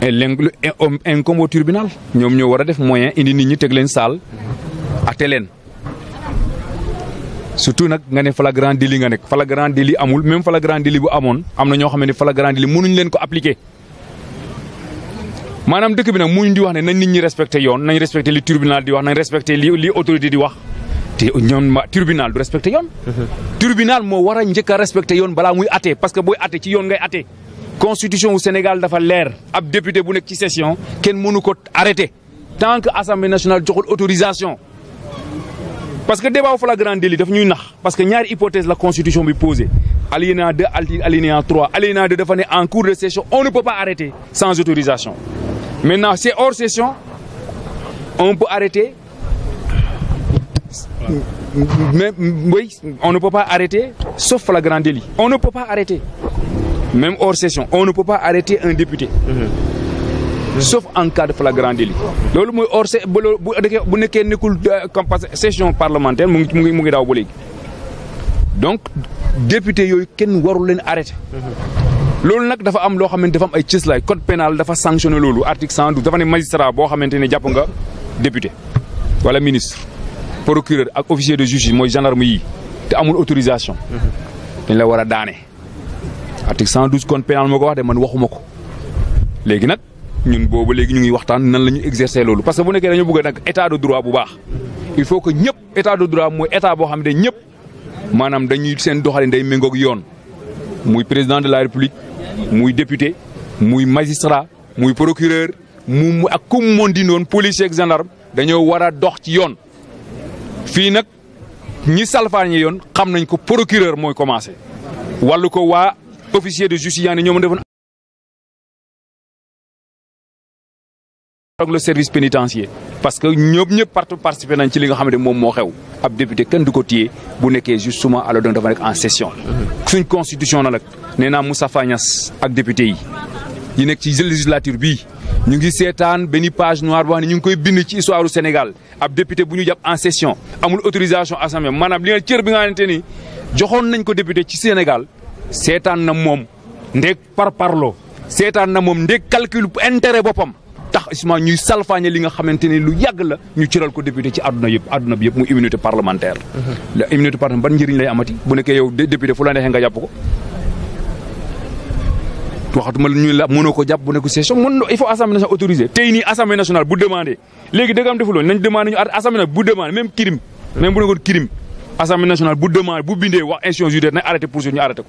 Eh, léegi incombe eh, tribunal ñoom ñoo war def moyen indi nit ñi teg leen saal atte leen surtout nag nga ne flagrant délit nga nekk flagrant délit amul même flagrant délit bu amoon am na ñoo xam ne flagrant délit mënuñ leen ko appliquer. maanaam dëkk bi nag muñ di wax ne nañ nit ñi respecté yoon nañ respecté li tribunal di wax nañ respecté li li autorité di wax te ñoom ma tribunal du respecté yoon. Mhm. tribunal moo wara a njëkk a respecté yoon balaa muy atte parce que booy atte ci yoon ngay atte. constitution au Sénégal dafa l'air ab député bu nek ci session ken mënu ko arrêter. tant que assemblée nationale joxul autorisation parce que débat grande délit daf ñuy nax parce que ñaari hypothèse la constitution bi posé alinéa 2 alinéa 3 alinéa 2 dafa né en cours de session on ne peut pas arrêter sans autorisation maintenant c'est hors session on peut arrêter mais oui on ne peut pas arrêter sauf la grande délit on ne peut pas arrêter même hors session, on ne peut pas arrêter un député. Sauf en cas de flagrant délit. loolu mooy hors euh, session parlementaire donc député yooyu kenn warul leen arrêter loolu nag dafa am lo xamante dafa am ay code pénal dafa sanctionné lolu article 112 dafa ne magistrat des magistrats qui sont nga député wala ministre procureur ak officier de justice moy gendarme yi te amul autorisation. dañ la wara a article 112 code pénal moo ko wax de man waxuma ko léegi nag ñun boobu léegi ñu ngi waxtaan nan la ñu exercer loolu parce que bu nekkee dañoo bëgg nag état de droit bu baax il faut que ñëpp état de droit mooy état boo xam ne ñëpp maanaam dañuy seen doxalin day méngoog yoon muy président de la république muy député muy magistrat muy procureur mu ak ku moon mën di noon policier ak gendarme dañoo war a dox ci yoon fii nag ñi yi yoon xam nañ ko procureur mooy commencé officier de justice yaa ne ñoo ak le service pénitentiaire parce que ñoom ñëpp partout participer nañ ci li nga xam ne moom moo xew ab député kenn du ko téye bu nekké justement à l'ordre dafa nekk en session suñ constitution nak néna Moussa naa ak député yi yi nekk ci législature bi ñu ngi sétane benn page noire boo xam ñu ngi koy bind ci histoire du Sénégal ab député bu ñu japp en session amul autorisation assemblée manam li nga cër bi nga xamante ni joxoon nañ ko député ci Sénégal setan na mom ndek par parlo setan na mom ndek calcul intérêt bopam tax Ousmane ñuy salfañe li nga xamanteni lu yag la ñu cëral ko député ci aduna yëpp aduna bi yëpp mu immunité parlementaire la immunité parlementaire ban njëriñ lay amati bu nekkee yow député fu la neexee nga japp ko waxatuma ñu la mënoo ko jàpp bu nekk session mën il faut assemblée nationale autorisée tay ni assemblée nationale bu demandé léegi dëgg deful won nañ demander ñu assemblée bu demander même crime même bu nekkoon crime assemblée nationale bu demander bu bindé wax institution judiciaire na arrêté pour ñu arrêté ko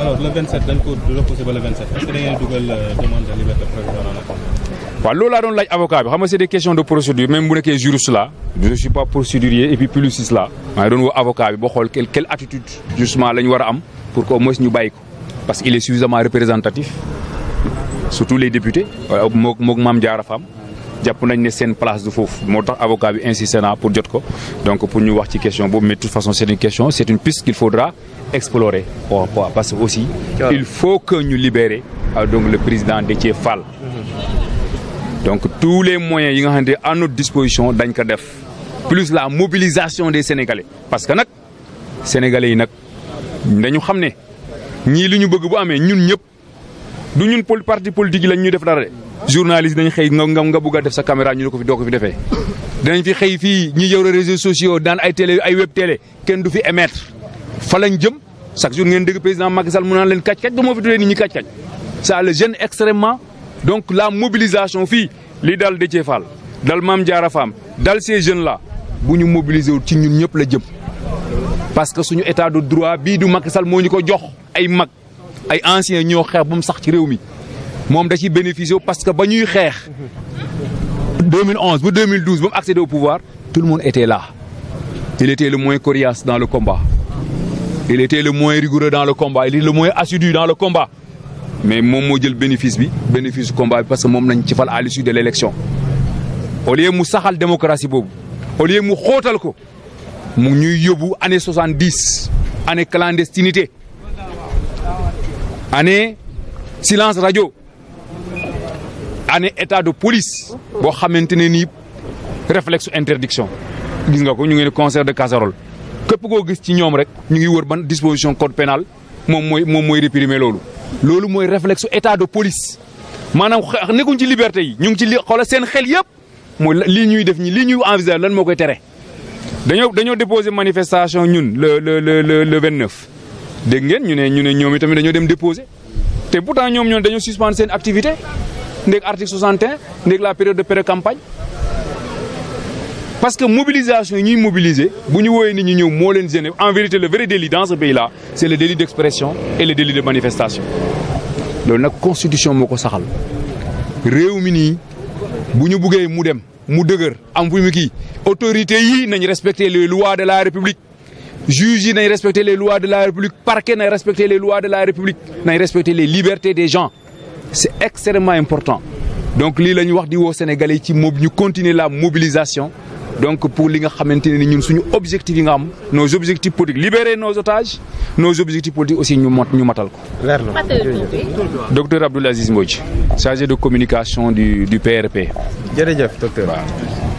alors le 27 dañ de repousser 27 est-ce que da euh, demande de liberté provisoire là waaw loolu laa doon laaj avocat bi c'est des questions de procédure même bu nekkee juriste là. je suis pas procédurier et puis plus la là, ngi doon woo avocat bi ba quelle attitude justement nous ñu am pour qu'on moins ñu bàyyi parce qu'il est suffisamment représentatif surtout les députés Je moog moog un Diarra Fam une nañ place de foofu avocat bi insisté pour jot ko donc pour nous, wax ci question mais de toute façon c'est une question c'est une piste qu'il faudra explorer Parce aussi, il faut que nous libérions ah, donc, le président de Fall. Mhm. Donc tous les moyens à notre disposition, plus la mobilisation des Sénégalais. Parce que les Sénégalais, ne savent xamné ñi li ñu bëgg bu amé ñun ñëpp du ñun parti politique lañ def dara journaliste dañ xey nga nga def sa caméra ñu ko fi fi réseaux sociaux dans ay télé ay web télé du fi émettre fa lañ jëm chaque jour ngeen dégg président Macky Sall mu naan leen kàcc kàcc du moo fi le jeune extrêmement donc la mobilisation fii li dal de Fall dal mam Diarra dal ces jeunes là bu nous mobiliser wul ci ñun ñëpp la parce que suñu état de droit bi du Macky Sall moo ñu ko jox ay mag ay anciens ñoo xex bu mu sax ci réew mi mom da ci bénéficier parce que bañuy xex 2011 bu 2012 bu mu accédé au pouvoir tout le monde était là il était le moins coriace dans le combat il était le moins rigoureux dans le combat il est le moins assidu dans le combat mais mon a jël bénéfice bénéfice du combat parce que mon lañ ci à l'issue de l'élection. au lieu mu saxal démocratie au lieu de xóotal ko mu ñuy les année 70. année clandestinité année silence radio année état de police pour xamante les réflexe interdiction gis nga ko concert de casserole képp koo gis ci ñoom rek ñu ngi wër ban disposition code pénal réprimer réflexe état de police maanaam nekkuñ ci liberté yi ñu ci li xoolal xel yëpp ñuy def ñuy lan koy manifestation le le le le ngeen ñu déposé pourtant ñoom suspendu une activité ndeg article 61 ndeg la période de pré-campagne. Parce que mobilisation, nous mobiliser, si nous voyons en vérité, le vrai délit dans ce pays-là, c'est le délit d'expression et le délit de manifestation. Donc la constitution moko saxal réew ni bu ñu mu dem les lois de la république juge yi nañ les lois de la république parquet nañ respecté les lois de la république nañ respecté les libertés des gens c'est extrêmement important donc ce que nous wax di woo sénégalais ci continuer la mobilisation donc pour li nga xamanteni ont ñun suñu objectif yi nga am nos objectifs politiques libérer nos otages nos objectifs politiques aussi nous mot ñu matal ko. docteur Abdoulaziz Aziz chargé de communication du PRP. docteur.